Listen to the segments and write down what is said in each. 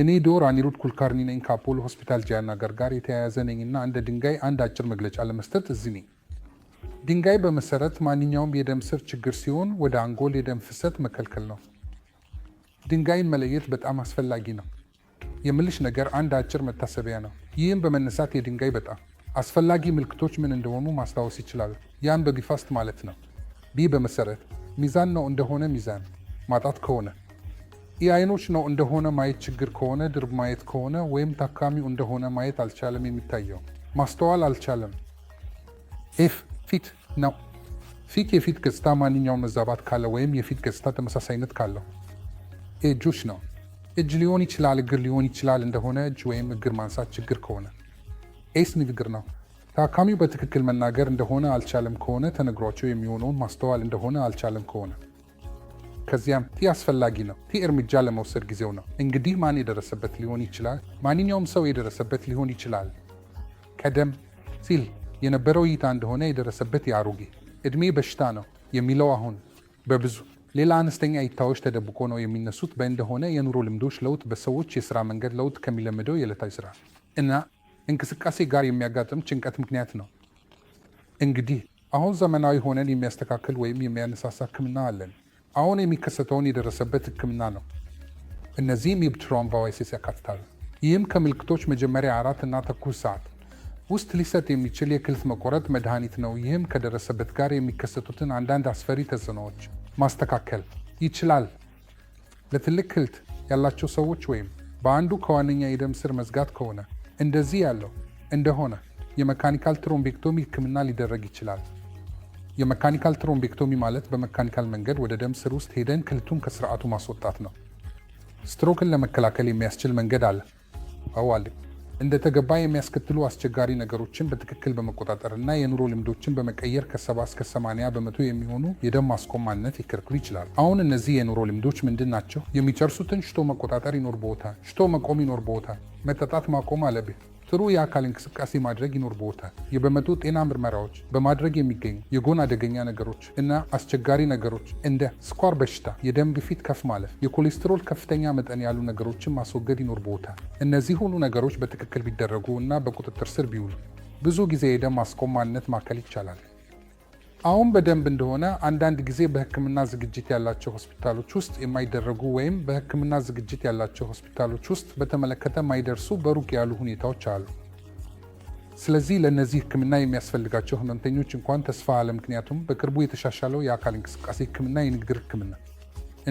እኔ ዶር አኒሩድ ኩልካርኒ ነኝ ከአፖሎ ሆስፒታል ጂያና ጋር ጋር የተያያዘ ነኝ እና እንደ ድንጋይ አንድ አጭር መግለጫ ለመስጠት እዚህ ነኝ። ድንጋይ በመሰረት ማንኛውም የደም ስር ችግር ሲሆን ወደ አንጎል የደም ፍሰት መከልከል ነው። ድንጋይን መለየት በጣም አስፈላጊ ነው። የምልሽ ነገር አንድ አጭር መታሰቢያ ነው። ይህም በመነሳት የድንጋይ በጣም አስፈላጊ ምልክቶች ምን እንደሆኑ ማስታወስ ይችላሉ። ያን በቢፋስት ማለት ነው። ቢ በመሰረት ሚዛን ነው እንደሆነ ሚዛን ማጣት ከሆነ የአይኖች ነው እንደሆነ ማየት ችግር ከሆነ ድርብ ማየት ከሆነ ወይም ታካሚው እንደሆነ ማየት አልቻለም፣ የሚታየው ማስተዋል አልቻለም። ኤፍ ፊት ነው። ፊት የፊት ገጽታ ማንኛውም መዛባት ካለ ወይም የፊት ገጽታ ተመሳሳይነት ካለው። እጆች ነው። እጅ ሊሆን ይችላል፣ እግር ሊሆን ይችላል። እንደሆነ እጅ ወይም እግር ማንሳት ችግር ከሆነ። ኤስ ንግግር ነው። ታካሚው በትክክል መናገር እንደሆነ አልቻለም ከሆነ ተነግሯቸው የሚሆነውን ማስተዋል እንደሆነ አልቻለም ከሆነ ከዚያም ቲ አስፈላጊ ነው። ቲ እርምጃ ለመውሰድ ጊዜው ነው። እንግዲህ ማን የደረሰበት ሊሆን ይችላል? ማንኛውም ሰው የደረሰበት ሊሆን ይችላል። ቀደም ሲል የነበረው እይታ እንደሆነ የደረሰበት የአሮጌ እድሜ በሽታ ነው የሚለው አሁን በብዙ ሌላ አነስተኛ እይታዎች ተደብቆ ነው የሚነሱት። በእንደሆነ የኑሮ ልምዶች ለውጥ በሰዎች የስራ መንገድ ለውጥ ከሚለመደው የዕለታዊ ስራ። እና እንቅስቃሴ ጋር የሚያጋጥም ጭንቀት ምክንያት ነው። እንግዲህ አሁን ዘመናዊ ሆነን የሚያስተካክል ወይም የሚያነሳሳ ሕክምና አለን። አሁን የሚከሰተውን የደረሰበት ህክምና ነው። እነዚህም የልብ ያካትታል። ይህም ከምልክቶች መጀመሪያ አራት እና ተኩስ ሰዓት ውስጥ ሊሰጥ የሚችል የክልት መቆረጥ መድኃኒት ነው። ይህም ከደረሰበት ጋር የሚከሰቱትን አንዳንድ አስፈሪ ተጽዕኖዎች ማስተካከል ይችላል። ለትልቅ ክልት ያላቸው ሰዎች ወይም በአንዱ ከዋነኛ የደም ስር መዝጋት ከሆነ እንደዚህ ያለው እንደሆነ የመካኒካል ትሮምቤክቶሚ ህክምና ሊደረግ ይችላል። የመካኒካል ትሮምቤክቶሚ ማለት በመካኒካል መንገድ ወደ ደም ስር ውስጥ ሄደን ክልቱን ከስርዓቱ ማስወጣት ነው። ስትሮክን ለመከላከል የሚያስችል መንገድ አለ? አዎ አለ። እንደተገባ የሚያስከትሉ አስቸጋሪ ነገሮችን በትክክል በመቆጣጠር እና የኑሮ ልምዶችን በመቀየር ከ70 እስከ 80 በመቶ የሚሆኑ የደም ማስቆም ማንነት ይከልክሉ ይችላል። አሁን እነዚህ የኑሮ ልምዶች ምንድን ናቸው? የሚጨርሱትን ሽቶ መቆጣጠር ቦታ ሽቶ መቆም ቦታ መጠጣት ማቆም አለብህ። ጥሩ የአካል እንቅስቃሴ ማድረግ ይኖርብዎታል። የበመጡ ጤና ምርመራዎች በማድረግ የሚገኙ የጎን አደገኛ ነገሮች እና አስቸጋሪ ነገሮች እንደ ስኳር በሽታ፣ የደም ግፊት ከፍ ማለፍ፣ የኮሌስትሮል ከፍተኛ መጠን ያሉ ነገሮችን ማስወገድ ይኖርብዎታል። እነዚህ ሁሉ ነገሮች በትክክል ቢደረጉ እና በቁጥጥር ስር ቢውሉ ብዙ ጊዜ የደም ማስቆም ማንነት ማከል ይቻላል። አሁን በደንብ እንደሆነ አንዳንድ ጊዜ በህክምና ዝግጅት ያላቸው ሆስፒታሎች ውስጥ የማይደረጉ ወይም በህክምና ዝግጅት ያላቸው ሆስፒታሎች ውስጥ በተመለከተ ማይደርሱ በሩቅ ያሉ ሁኔታዎች አሉ። ስለዚህ ለእነዚህ ህክምና የሚያስፈልጋቸው ህመምተኞች እንኳን ተስፋ አለ። ምክንያቱም በቅርቡ የተሻሻለው የአካል እንቅስቃሴ ህክምና የንግግር ህክምና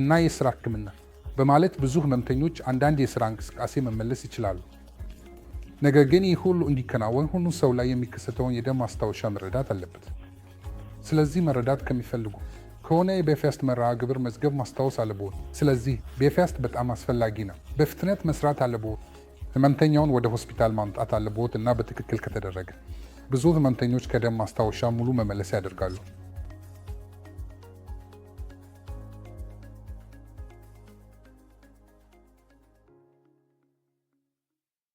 እና የስራ ህክምና በማለት ብዙ ህመምተኞች አንዳንድ የስራ እንቅስቃሴ መመለስ ይችላሉ። ነገር ግን ይህ ሁሉ እንዲከናወን ሁሉ ሰው ላይ የሚከሰተውን የደም ማስታወሻ መረዳት አለበት። ስለዚህ መረዳት ከሚፈልጉ ከሆነ የቤፌስት መርሃ ግብር መዝገብ ማስታወስ አለብዎት። ስለዚህ ቤፌስት በጣም አስፈላጊ ነው። በፍጥነት መስራት አለብዎት። ህመምተኛውን ወደ ሆስፒታል ማምጣት አለብዎት እና በትክክል ከተደረገ ብዙ ህመምተኞች ከደም ማስታወሻ ሙሉ መመለስ ያደርጋሉ።